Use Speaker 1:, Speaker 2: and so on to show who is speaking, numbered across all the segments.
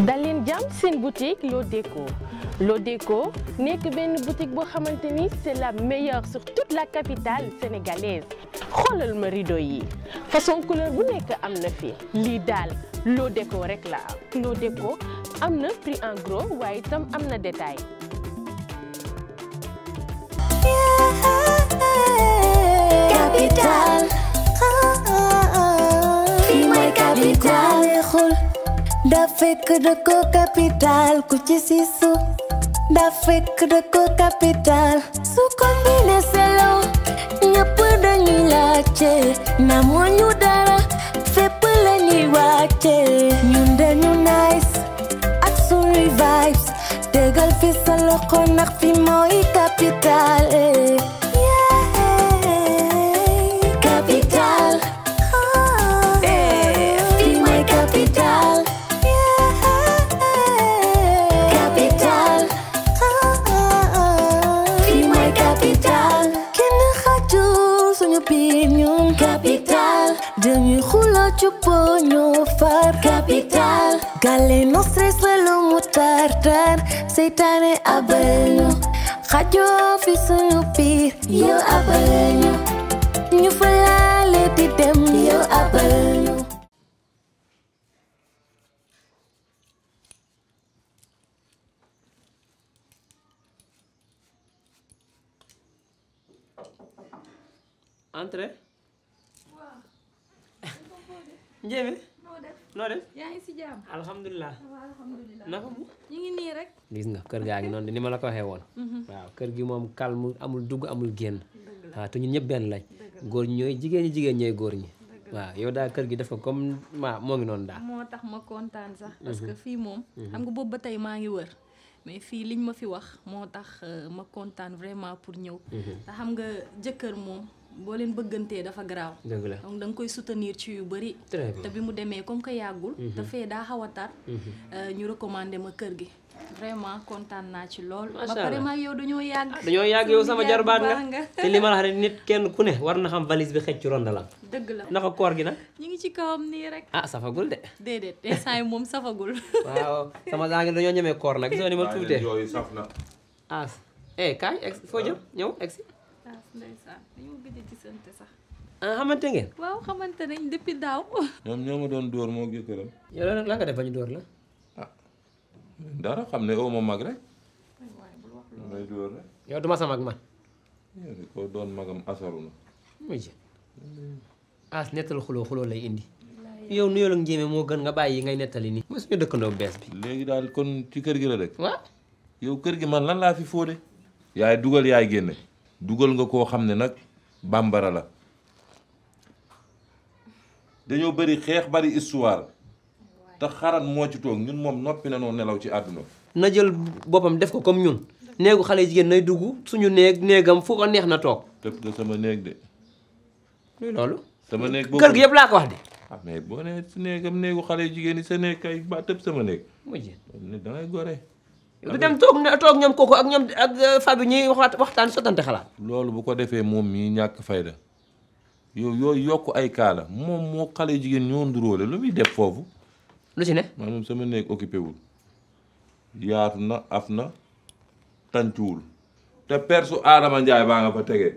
Speaker 1: dal leen jàmm seen boutique Lodeco Lodeco nekk une boutique boo xamante c'est la meilleure sur toute la capitale sénégalaise xoolal ma rideau yi façon couleur bu n'êtes am na fi lii Lo Lodeco rek la Lo Deco, am prix en gros waaye itam am na détail capital fii mooy capital Da de ko capital ku ci sisu da de ko capital
Speaker 2: su kombine selo ñëpp dañuy laajte na ñu dara fépp la ñuy wàcce ñun dañu nice
Speaker 1: ak vibes tegal fi sa loxo fi mooy capital eh. stresswelu mu tar tar seytaane abal ñu xajoo fi suñu biir yow abal ñu ñu fa laale di dem yow abal ñu
Speaker 3: entrez. waaw. Ndiémé. noo def. yaa ngi si jàmm. alhamdulilah. waaw alhamdulilah. naka ñu ngi nii rek. gis nga kër gaa ngi noonu ni ma la ko waxee woon. Mhm. waaw kër gi moom calme amul dugg amul génn. waaw te ñun ñëpp benn lañ. góor ñooy jigéen ñi jigéen ñooy góor ñi. waaw yow daal kër gi dafa ko comme moo ngi noonu daal.
Speaker 1: moo tax ma kontaan sax. Mhm. parce que fii moom. Mhm. xam nga boobu ba tey maa ngi wër. mais fii liñ ma fi wax moo tax euh, ma kontaan vraiment pour ñëw. te xam nga jëkkër moom. boo leen bëggantee dafa garaaw. dëgg la donc da koy soutenir ci yu bëri. te bi mu demee comme que yàggul. Mhm. dafay daa xaw a tar. Mhm. Euh, ñu recommandé ma kër gi. vraiment kontaan naa ci lool. macha ma yow dañoo yàgg. Ah, dañoo yàgg yow sama jarbaat nga li ma la
Speaker 3: rek nit kenn ku ne war na xam valise bi xëj ci rondalam. dëgg la naka koor gi nag.
Speaker 1: ñu ngi ci kawam nii rek.
Speaker 3: ah safagul de.
Speaker 1: déedéet instant moom safagul.
Speaker 3: waaw sama daa ngi dañoo ñemee koor nag. gisoo ni ma tuutee waaw yooyu saf na. ah eh kaay foo jëm ñëw egg
Speaker 1: Taas ndeysaan dañoo gëj
Speaker 3: a ah xamante ngeen.
Speaker 1: waaw xamante nañ depuis daaw.
Speaker 4: ñoom ñoo ma doon dóor moo jëkkëram.
Speaker 3: yow lan la nga def ba ñu la.
Speaker 4: ah dara xam ne oo ma mag rek. may dóor rek. yow duma sa mag man. yow di ko doon magam asaru na.
Speaker 3: muy as nettal xuloo xuloo lay indi. yow nuyoo la njéeme moo gën nga bàyyi ngay nettali nii. mooy suñu dëkkandoo bees bi.
Speaker 4: léegi daal kon ci kër gi la rek. waaw. yow kër gi man lan laa fi fóode. yaay dugal yaay génne. dugal nga koo xam ne nag bàmbara la dañoo bëri xeex bari histoire te xaran moo ci toog ñun moom noppi na noo nelaw ci àdduna na jël boppam def ko comme ñun néegu xale jigéen nay dugg suñu néeg néegam foo ko neex na toog tëb nga sama néeg de luy loolu sama néeg boobu kër gi yëpp laa ko wax de ah boo nee néegam néegu xale jigéen yi sa néeg kay ba tëb sama néeg mu da ngay gore du dem
Speaker 3: toog na toog ñoom kooku ak ñoom ak euh, Fabio ñuy waxaat waxtaan sottante xalaat.
Speaker 4: loolu bu ko defee moom mii ñàkk fayda yow yooyu yokk ay kaala moom moo xale jigéen ñoo nduróole lu muy def foofu. lu si ne. maanaam sama néeg occupé wul yaatu na af na tantuwul te persu Adama Ndiaye baa nga fa tegee.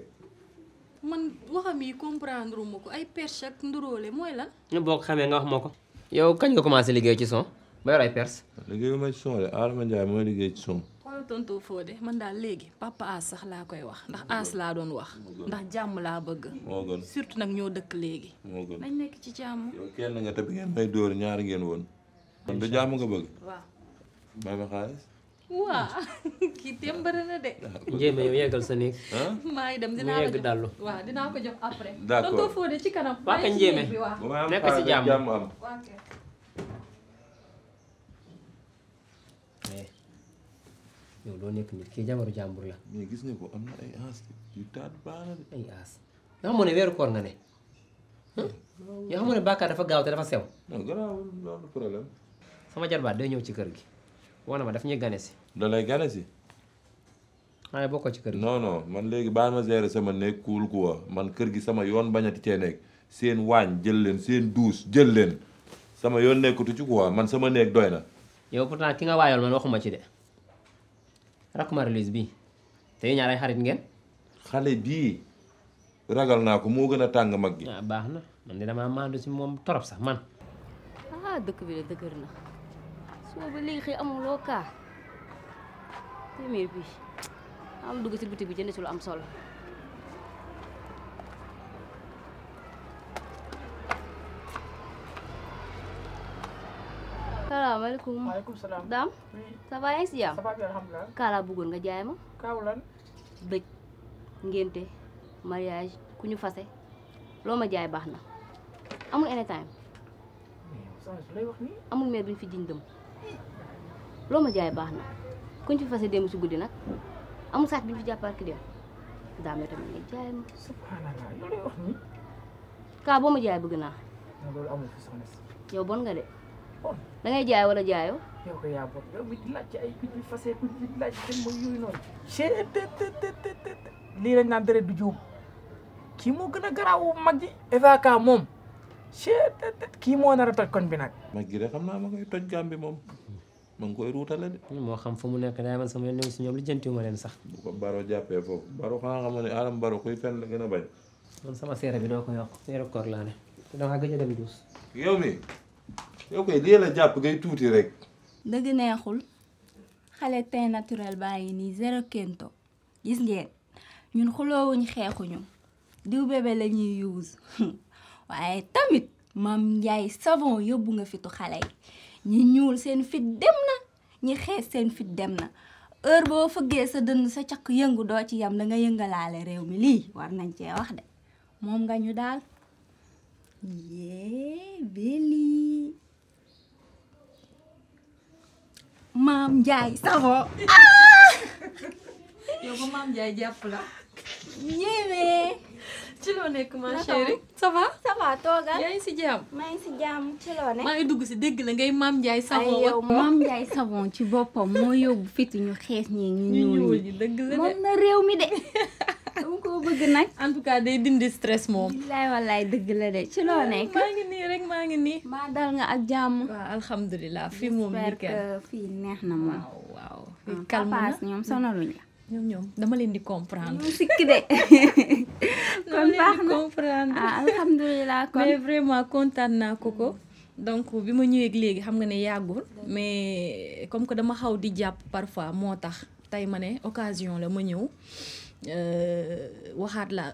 Speaker 1: man waxam yi comprendre ma ko ay perche ak nduróole mooy la
Speaker 3: ñu boo ko xamee nga wax moo ko. yow kañ nga commencé liggéey ci son. looy ray perse.
Speaker 4: liggéeyuma ci son de Adama jay mooy liggéey ci son.
Speaker 1: xool tontu Fodé man da papa As sax la koy wax ndax As la don wax. ndax jàmm la bëgg. moo gën surtout nak ñoo dëkk léegi. moo gën dañ nekk ci jàmm. yow
Speaker 4: kenn nga Wah, ngeen may dóor ñaari ngeen won. kon du jàmm nga bëgg. waaw. may ma xaalis.
Speaker 1: waa kii tembare na de.
Speaker 4: jéem a yow
Speaker 3: yeggal sa néeg.
Speaker 1: maa ngi dem dinaa ko jox waaw
Speaker 3: ko si mais eh, yow doo nekk nit kii jabaru jàmbur la. mais gis nga ko am na ay aas yu na ne weeru nga ne. Hmm? yoo xam ne bàkkaar dafa gaaw te dafa sew. non garaawul loolu problème. sama jarbaat day ñëw ci kër gi wax na ma daf ñuy gane si. da lay gane ah, bokk waaye ci kër gi.
Speaker 4: non man léegi baal ma gérer sama néeg kuul kuwa man kër gi sama yoon bañati cee nekk seen waañ jël leen seen duus jël leen sama yoon nekkatu ci kuwa man sama néeg doy na.
Speaker 3: yow pourtant ki nga waayool man waxuma ci de rakk Marie-Louise bii te ñaar ay xarit ngeen. xale bii ragal naa ko moo gën a tàng mag gi. Ah, baax na man de damaa si moom torop sax man.
Speaker 2: ah dëkk bi de dëgër na suba ba léegi xëy amuloo kaa téeméer bi am dugg si but bi jënd si lu am solo. salaamaaleykum alekum salaam daam hmm. ça va yaa ngi si jàmm nga jaay ma kaaw ngénte mariage ku ñu fase loo ma jaay baax na amul anytime amul meer bu ñu fi jiñ dëm loo ma jaay baax na ku ñu fi fase démb si guddi nag amul saat bi ñu fi jàppaar ki dem daam yow tamit nga jaay ma kaa boo ma jaay bëgg naa yow bon nga de da ngay jaay wala jaayo
Speaker 3: yow ko yaa bopp yow mi di lacc ay kuñ bi fase kuñ di laajte seen mooy yooyu noonu.
Speaker 2: chee te
Speaker 4: lañ naan deret du juum kii moo gën a garaawu Evaka moom chee te te kii moo nar bi de ma koy toj ma de. xam Alam Baro kuy fenn bañ. man sama bi ko yow koy lii la jàpp ngay tuuti rek.
Speaker 1: dëgg neexul xale teint naturel baa ngi nii zéro kento gis ngeen ñun xuloo xuloowuñ xeexuñu diw bébé la ñuy use waaye tamit mam njaay savon yóbbu nga fitu xale yi ñi ñuul seen fit dem na ñi xees seen fit dem na heure boo fëggee sa dënn sa caq yëngu doo ci yam da nga yëngalaale réew mi lii war nañ cee wax de moom nga ñu daal yee belli maam Ndiaye Savon. yow maam Ndiaye jàpp la. ñëwee. ci loo nekk ma chérie. ça va ça va si jàmm.
Speaker 2: maa ngi si jàmm ci loo nekk. maa ngi dugg
Speaker 1: si dégg la ngay maam Ndiaye Savon. yow maam Ndiaye ci boppam moo yóbbu fitu ñu xees ñi ñu ñuul ñi dëgg la de moom na réew mi de. bëgg nag. en tout cas day dindi stress moom. billaay wallaay dëgg la de ci loo nekk. maa ngi nii rek maa ngi nii. maa dal nga ak jàmm. waaw alhamdulilah fii moom. nickel fii neex na moom. waaw waaw. Ah, ñoom dama leen di comprendre. ñu sikk de. kon ah alhamdulilah mais vraiment kontaan naa ko ko. donc bi ma ñëwee léegi xam nga ne yàggul mais comme que dama xaw di jàpp parfois moo tax tey ma ne occasion la ma ñëw Euh, waxaat la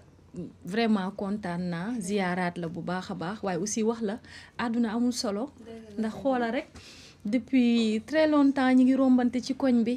Speaker 1: vraiment kontaan naa ziyaaraat la bu baax a baax waaye aussi wax la àdduna amul solo ndax xoola rek depuis très longtemps ñi ngi rombante ci koñ bi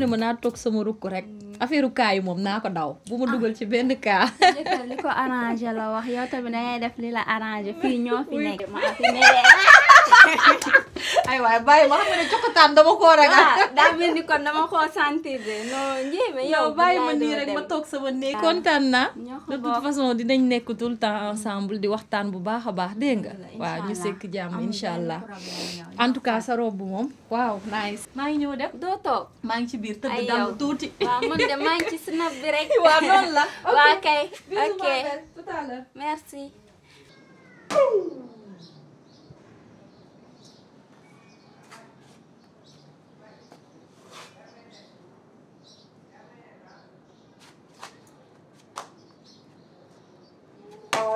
Speaker 1: moo ne ma naa toog sama rukk rekk mm. affaire kaa yi moom naa ko daw bu ma ah. dugal ci benn kaa. li ko arrangé la wax yow tamit dangay def li la arrangé fii ñoo fi nekk. はいわやばいわまだちょこたんどもこらがだめにこんなもこさんてでのにめよばいもにれまとくさもねこんたんな de toute façon dinañ nekk tout temps ensemble di waxtaan bu baax baax dégg nga waaw ñu sekk jàmm insha en tout cas sa robe moom waaw nice maa ngi ñëw def doo toog maa ngi ci biir tëdd dal tuuti waaw man de maa ngi ci snap bi rek wa noonu la waa kay ok
Speaker 2: merci Ooh.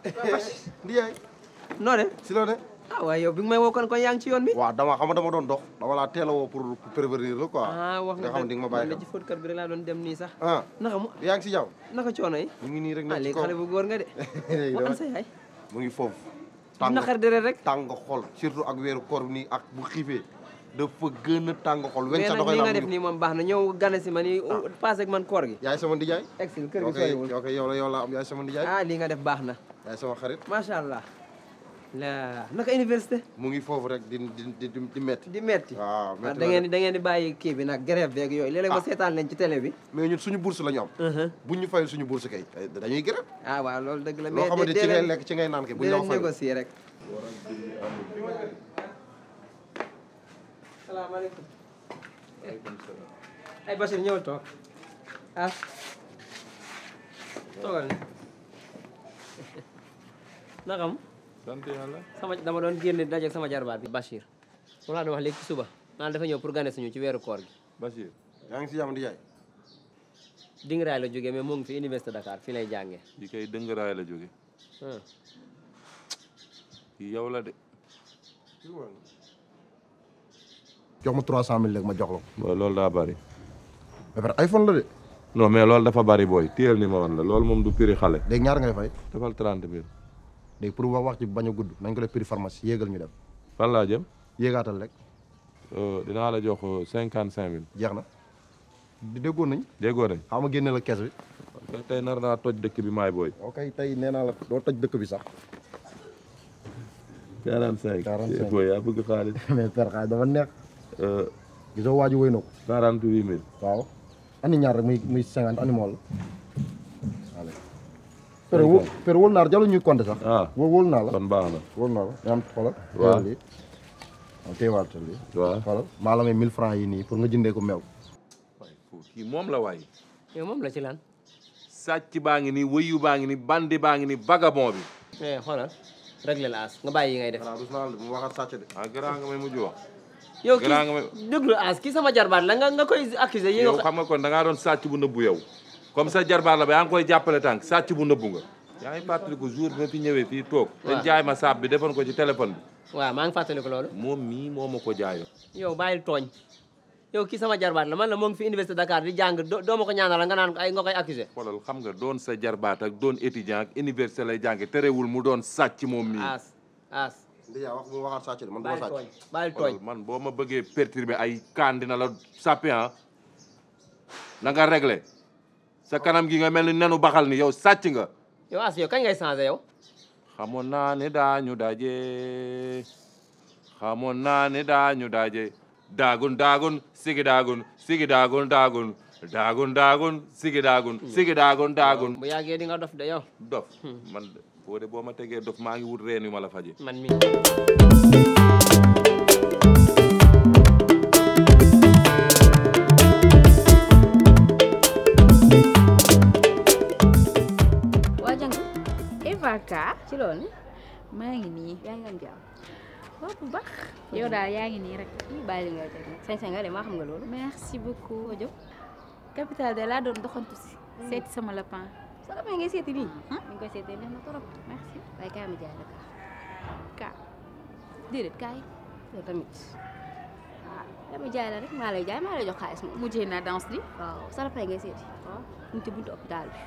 Speaker 5: Ndiaye. noo de. si loo de. ah waaye yow bi nga may woo kon kon yaa ci yoon bi. waaw dama xam nga dama doon do dama laa teel woo pour prévenir la a ah wax nga xam ne ma bàyyi ci
Speaker 3: fóotkat bi rek doon dem nii sax.
Speaker 5: ah yaa ngi si jaww. naka coono yi. ñu ngi nii rek ah, nekk ci kaw ah léegi xale bu góor nga de. yaay. rek. tàng xol surtout ak weeru koor nii ak bu xiifee. dafa gën a tàng baax na ñëw gane si ma ah. man koor gi. yaay sama ndijaay. la yow la am yaay sama ndijaay. ah lii nga def baax na yaay sama xarit macha allah. la naka université. mu ngi foofu rek di di di metti di metti waaw metti ah, da ngeen di da ngeen di bàyyi kii bi nag grève beeg yooyu léeg-léeg ma ah. seetaan leen ci télé bi. mais ñun suñu bourse la ñu am. Uh-huh. buñ ñu fayal suñu bourse kay eh, dañuy grève. ah waaw loolu dëgg la mais loo xamante ci ngay lekk ci ngay naan kay buñ la fayal négocier
Speaker 3: rek. salaamaaleykum. waaleykum salaam. ay Bachir ñëwal toog ah toogal ne. naka mu. Eh. sama dama doon génne dajeeg sama jarbar. bi bashir moom laa doon wax léegi ci suba naan dafa ñëw pour gane suñu ci weeru koor gi. Bachir yaa ngi si jàmm di jaay. Dingaraay la jógee mais mu ngi fi université Dakar fii lay ya. jàngee.
Speaker 4: di kay Dingaraay hmm. iya la jógee. yow la de.
Speaker 5: jox ma 300000 ma jox
Speaker 4: la ko. bari. ba iPhone la de. non mais loolu dafa bari booy téyel ni ma wan la loolu moom du prix xale.
Speaker 5: léegi ñaar ngay fay. defal 30000. léegi pour wax wax ci bañ a gudd nañ ko def prix pharmacie yéegal ñu def
Speaker 4: fan laa jëm yéegaatal rek euh, dinaa la jox euh, cinquante cinq mille jeex na déggoo nañ déggoo nañ xaw ma génne la kees bi tey nar naa toj dëkk bi maay booy
Speaker 5: ok tey nee naa la doo toj dëkk bi sax quarante cinq quarante cinq booy a bëgg xaalis mais per xaalis dafa neex euh, gisoo waa ji wéy na ko quarante huit mille waaw ani ñaar rek muy muy cinquante ani per per wóolu naa la jarul ñuy compter sax. la kon baax na wóolu naa la ñaan xoolal. waaw lii teewaat lii. waaw yi nii pour nga jëndee ko meew.
Speaker 4: kii moom la waay. yow moom la ci lan. sàcc baa ngi ni wëyu baa ngi ni bandi baa ngi ni vagabond bi. eh xoolal réglé la as nga bàyyi yi ngay def. waaw
Speaker 5: doucement bi mu waxaat sàcc de. ah grand nga may
Speaker 4: mujj wax. yow kii déglu as kii sama jarbaat la nga nga koy accuser. yow xam nga kon da ngaa doon sàcc bu nëbbu yow. comme sa jarbaar la ba yaa ngi koy jàppale tànk sàcc bu nëbbu nga yaa ngi fàttaliku jour bi ma fi ñëwee fii toog jaay ma saab bi defoon ko ci téléphone bi waaw maa ngi fàttaliku loolu moom mii moo ma ko jaayoon yow bàyyil tooñ
Speaker 3: yow kii sama jarbaat la man la moo ngi fi université Dakar di jàng doo ma ko ñaanal nga
Speaker 4: naan ay nga koy accusé xoolal xam nga doon sa jarbaat ak doon étudiant ak université lay jànge terewul mu doon sàcc moom mii as
Speaker 5: as déjà wax bu waxaat sàcc man
Speaker 4: tooñ man boo ma bëggee perturbé ay kaan na la sàppe ah. na nga sa kanam gi nga mel ni nenu baxal ni yow sàcc nga. yow as kañ ngay changé yow. xamoon naa ne daañu daje xamoon naa ne daañu daje daagun daagun sigi daagun sigi daagun daagun daagun daagun sigi daagun sigi daagun daagun. bu yàggee di nga dof de yow. dof man boo de boo ma tegee dof maa ngi wut reen yu ma mi
Speaker 2: ci loolu ma ngi nii yaa ngi oh, am jàmm bax yow da ya ngi ni rek ci li nga tek sen sen nga le ma xam nga lol merci beaucoup ojo capital de la don doxantou ci hmm. set sama lapin sa lapin ngay seti ni ngi koy seti ne na torop merci waaye kaa ma jaay la ka kaa déedéet kaay yow tamit dama jaay la rek ma lay jaay ma lay jox xaalis mu mujjee na danse li waaw sa lapin ngay seti waaw ñu ci buntu hôpital bi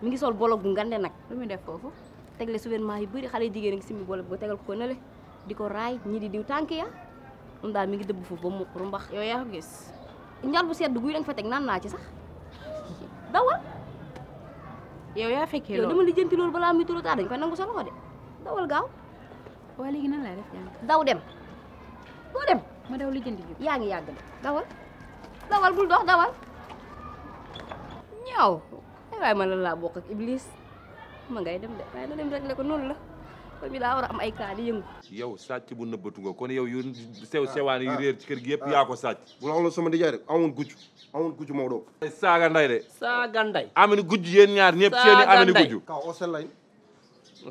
Speaker 2: mi ngi sol bolo gu ngande nak lu mi def fofu tegle souvenement yu bari xalé jigéen ngi simi bolé bo tegal ko nalé diko ray ñi di diw tanki ya mom da mi ngi debbu fu ba mu ru mbax yow yaa gis ñal bu sedd guuy da fa tek nan na ci sax dawal yow yaa fekkee lo dama lijjanti lool bala mi turu ta dañ ko nangu sa loxo de dawal gaaw wa léegi nan laa def jàng daw dem bo dem ma daw lijjanti ji yaa ngi yag de dawal dawal bul dox dawal ñaw ay way ma la laa ak iblis ma ngay dem de na dem ko noonu la ko bi daa war a am ay cas di yëngu
Speaker 4: yow sàcc bu nga kon yow yu sew sewaan yu ah. réer ci kër gi yëpp ah. yaa ko sàcc bu la wax la sama nijaay rek de saaga nday gujj yéen ñaar ñëpp seeni amini gujj kaw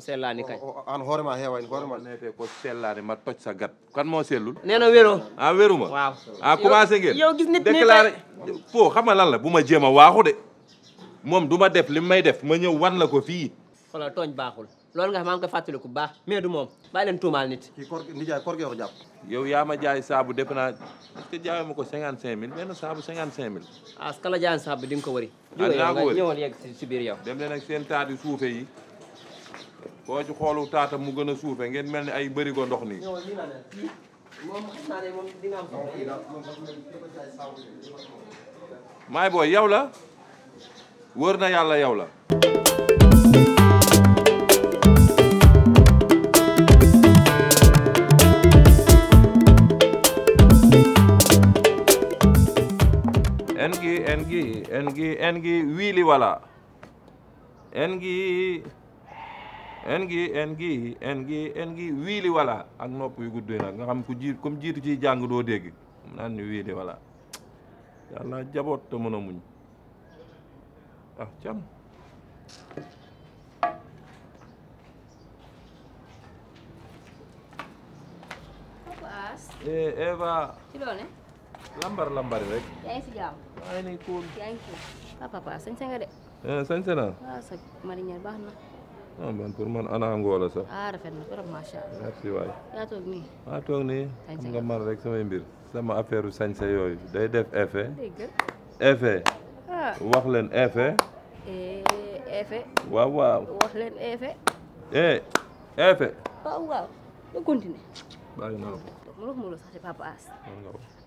Speaker 4: sellaani kay an hoorema heewani hoorema neete ko sellaani ma toj sa gat kan moo sellul nee na wéro ah wéruma waaw ah commencé ngeen yow gis nit déclaré foo xam bu ma jéem a waaxu de moom du ma def li may def ma ñëw wan la ko fii
Speaker 3: xoolal tooñ baaxul loolu nga xam maa ngi
Speaker 4: ku baax mais du moom bàyyi leen tuumaal nit. kii koor nijaay koor gi wax jàpp. yow jaay saabu defe naa est-ce que jaayoo ma ko cinquante cinq mille benn saabu cinquante cinq mille. ah su la jaayoon saabu di ko wëri. ah dinaa ko wëri leen ak seen taat yu xoolu taata mu gën a suufee ngeen mel ni ay bërigo ndox nii. maay booy yow la wër na yàlla yow la. engi engi engi engi wiliwala engi engi engi engi engi wiliwala ak nopp yu guddee nag nga xam ku jir comme jiitu ciy jàng doo dégg mu naan ni wiliwala yàlla jaboot te mën a muñ ah eh, Eva. Kilo, loone lambar lambar rek
Speaker 2: yaa ngi si jàmm yaa ngi cool yaa ngi cool ah sen sañse nga de eh sen na ah sa marinière baax
Speaker 4: ah man pour man ana ngoola sa
Speaker 2: ah rafet na trop macha allah merci waay yaa toog nii
Speaker 4: maa toog nii xam nga man rek samay mbir sama affaire sen yooyu day def effet effet ah. wax leen effet
Speaker 2: e, effet waaw waaw wax leen effet
Speaker 4: eh effet
Speaker 2: waaw waaw ñu continuer
Speaker 4: bàyyi naa ko
Speaker 2: mulu mulu sax papa as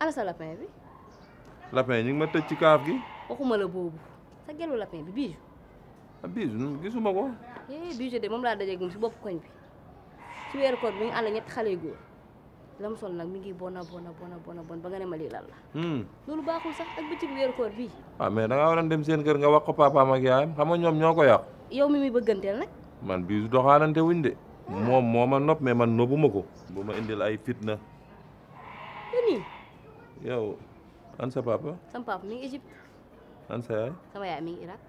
Speaker 2: ala sa lapin bi
Speaker 4: lapin ñi ma tecc ci kaaf gi
Speaker 2: bobo la bobu sa gelu lapin bi biju
Speaker 4: biju gisuma ko
Speaker 2: eh biju de mom la dajé gum ci bop bi ci wéru koor bi ngi ala ñett xalé goor lam sol nak mi bona bona bona bona bona bon ba nga ne ma li lan la hmm lolu baxul sax ak bëcc wéru koor bi
Speaker 4: ah mais da nga waran dem seen kër nga ko papa ak yaayam xam nyom ñom ya yaq
Speaker 2: yow mi nak
Speaker 4: man bisu doxanante wuñ de eh. mom moma nopp mais man nobuma ko buma indel ay fitna yow ansa sa papa.
Speaker 2: sama papa mi ngi Égypte. an yaay. sama yaay mi ngi Irak.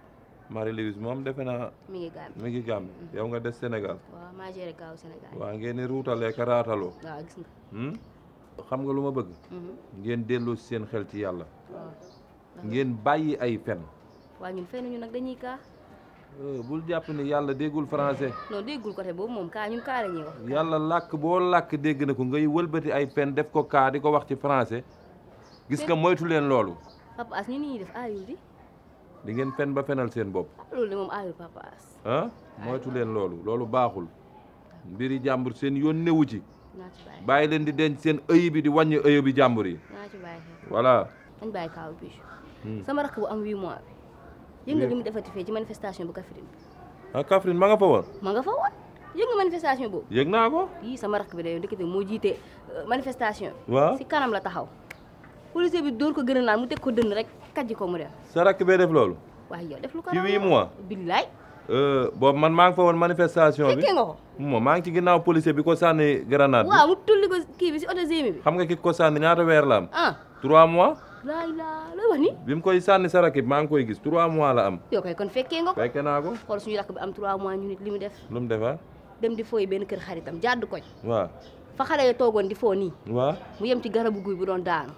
Speaker 4: Marie-Louise moom defe naa. mi ngi Gambie mi ngi Gambie mm-hmm. yow nga des Sénégal.
Speaker 2: waaw maa gaaw Sénégal. waaw
Speaker 4: ngeen di ruutalee ka raataloo. waaw gis nga. Hmm? xam nga lu ma bëgg. Mm-hmm. ngeen delloo si seen xel ci yàlla. ngeen bàyyi ay fen.
Speaker 2: waa ñun fenn ñu nag dañuy kaa.
Speaker 4: Euh, bul jàpp ni yàlla déggul français.
Speaker 2: non déggul côté boobu moom kaa ñun kaa la wax.
Speaker 4: yàlla làkk boo làkk dégg na ko ngay wëlbati ay fen def ko ko wax ci français.
Speaker 2: gis nga moytu len loolu. papa as ñu ni def aayul di.
Speaker 4: di ngeen fen ba fenal seen bop
Speaker 2: loolu ni mom aayul papa as.
Speaker 4: ah moytu len loolu loolu baxul mbiri jambur seen yon newu ci. bàyyi len di denc seen ëy bi di wàññi ëy bi jàmbur yi. naa ci bàyyi voilà.
Speaker 2: dañ bi. Hmm. sama rak bu am 8 mois yeeng nga li defati fe ci manifestation bu kafrin
Speaker 4: ha ah ma nga fa woon.
Speaker 2: ma nga fa woon yeeng nga manifestation bu yeeng naa ko. sama rak bi day yow mo jité manifestation. waaw si kanam la taxaw. policier bi dóor ko gën mu teg ko dënn rek kàjji ko mu dem.
Speaker 4: sa rakk bee def loolu. waaw yow def lu ko euh, boobu man maa ngi fa woon manifestation bi fekkee nga ko. maa ngi ci ginnaaw policier bi ko sànni grenade bi. waaw
Speaker 2: mu tulli ko si oto Zémi bi.
Speaker 4: xam nga ki ko sànni ñaata weer la ah. trois mois.
Speaker 2: laay laa looy
Speaker 4: mu koy sànni sa rakk bi maa ngi koy gis trois mois la am.
Speaker 2: yow kay kon fekkee nga ko. fekkee naa ko. xool suñu rakk bi am ko mois ñu nit li mu def. lu mu defaat. dem di fooy benn mu yem ci garabu guy bu doon daanu.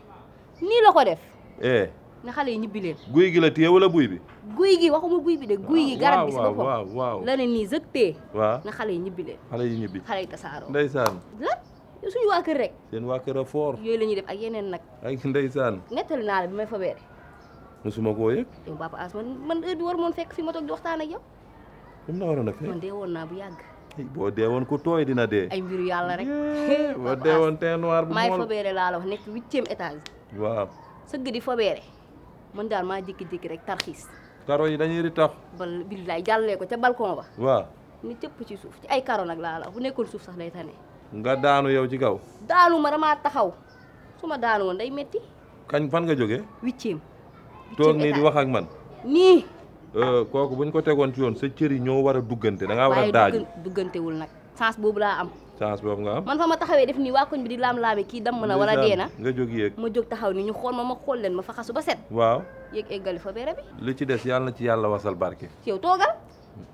Speaker 2: nii la ko def. eh. na xale yi ñibbi leen.
Speaker 4: guy gi la téye wala buy bi.
Speaker 2: guy gi waxuma guy bi de. guy gi ah, garab gi si boppam waaw waaw la ne nii zëg na xale yi ñibbi leen. xale yi ñibbi xale yi tasaaroo.
Speaker 4: ndeysaan. lan
Speaker 2: suñu rek. seen waa kër a yooyu la ñuy def ak yeneen nag.
Speaker 4: ak ndeysaan.
Speaker 2: nettali naa la bi may fa beere.
Speaker 4: mosuma koo yëg.
Speaker 2: yow Papa man man heure bi war moon fekk fi ma toog di waxtaan ak yow.
Speaker 4: comme na waroon fekk man
Speaker 2: dee woon naa bu yàgg.
Speaker 4: boo dee woon ku tooy dina dee. ay
Speaker 2: mbiru yàlla rek.
Speaker 4: boo dee woon teint noir bu mool fa
Speaker 2: beere laa la wax nekk huitième étage waaw sëgg di fobeere man daal maa jékki-jékki rek tarxiis
Speaker 4: karo yi dañuy ritax
Speaker 2: bal billaay jàllee ko ca balcon ba waaw ni tëpp ci suuf ci ay karo nag laa la bu nekkoon suuf sax day tane
Speaker 4: nga daanu yow ci kaw
Speaker 2: daanu ma damaa taxaw su ma daanu woon day metti
Speaker 4: kañ fan nga jógee huitième toog nii di wax ak man nii euh, kooku buñ ko tegoon ci yoon sa cër yi ñoo war a duggante da ngaa war a daaju
Speaker 2: duggantewul nag sens boobu laa am
Speaker 4: chance boobu nga am
Speaker 2: man fa ma taxawee def nii waa koñ bi di laam-laami kii damm a wala dee na nga jóg yéeg ma jóg taxaw ni ñu xool ma ma xool leen ma fa xasu ba set waaw yéeg eggali fa bere bi
Speaker 4: li ci des yàlla ci yàlla wasal barke yow toogal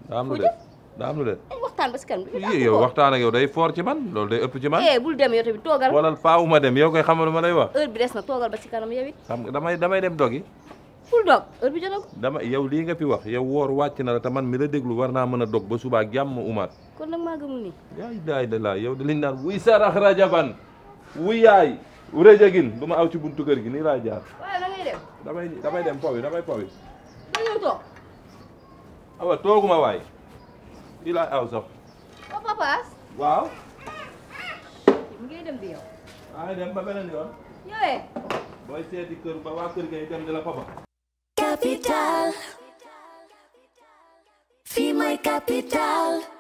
Speaker 4: daa am lu des daa am lu des
Speaker 2: waxtaan ba si kan bi yow
Speaker 4: waxtaan ak yow day foor ci man loolu day ëpp ci man
Speaker 2: eh bul dem yow tamit toogal
Speaker 4: wala faawu ma dem yow koy xamal ma lay wax heure
Speaker 2: bi des na toogal ba si kanam yow it
Speaker 4: xam nga damay damay dem dogi
Speaker 2: bul dog heure bi jalagu
Speaker 4: dama yow ya lii nga fi wax yow woor wàcc na la te man mi la déglu war naa mën dog ba subaa jàmm umaat
Speaker 2: kon nag maa gëmul ni
Speaker 4: yaay daay da yow wuy wuy yaay aw ci buntu kër gi nii laa jaar
Speaker 2: waaye da ngay dem
Speaker 4: damay damay dem powi damay powi ma ñëw toog awa tooguma waay i aw sax o papaas waaw ngay dem bi yow ay dem ba beneen yoon yowee booy seeti kër ba dem la papa
Speaker 2: capital
Speaker 1: Fii mai capital